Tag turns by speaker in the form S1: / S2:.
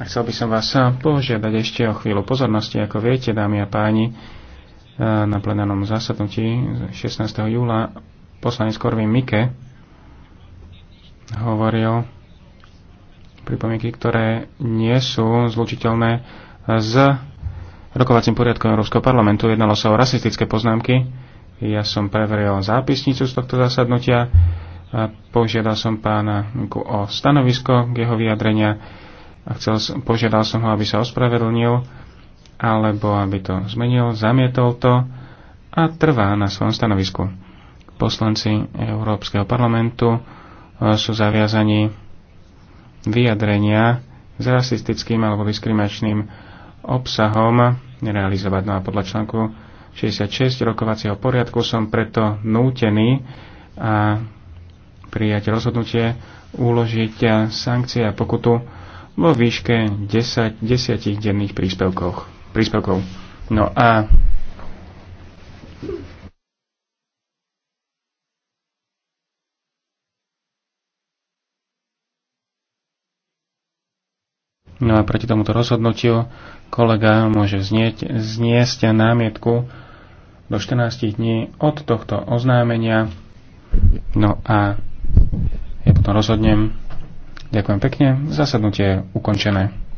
S1: A chcel by som vás eh, požiadať ešte o chvíľu pozornosti. Ako viete, dámy a páni, eh, na plenárnom zasadnutí 16. júla poslanec Korvin Mike hovoril pripomienky, ktoré nie sú zlučiteľné s rokovacím poriadkom Európskeho parlamentu. Jednalo sa o rasistické poznámky. Ja som preveril zápisnicu z tohto zasadnutia. A požiadal som pána o stanovisko k jeho vyjadrenia a chcel, požiadal som ho, aby sa ospravedlnil, alebo aby to zmenil, zamietol to a trvá na svojom stanovisku. Poslanci Európskeho parlamentu e, sú zaviazaní vyjadrenia s rasistickým alebo diskriminačným obsahom nerealizovať. No a podľa článku 66 rokovacieho poriadku som preto nútený a prijať rozhodnutie uložiť sankcie a pokutu vo výške 10, 10 denných príspevkov, príspevkov. No a No a proti tomuto rozhodnutiu kolega môže znieť, zniesť námietku do 14 dní od tohto oznámenia. No a ja potom rozhodnem, Ďakujem pekne, zasadnutie je ukončené.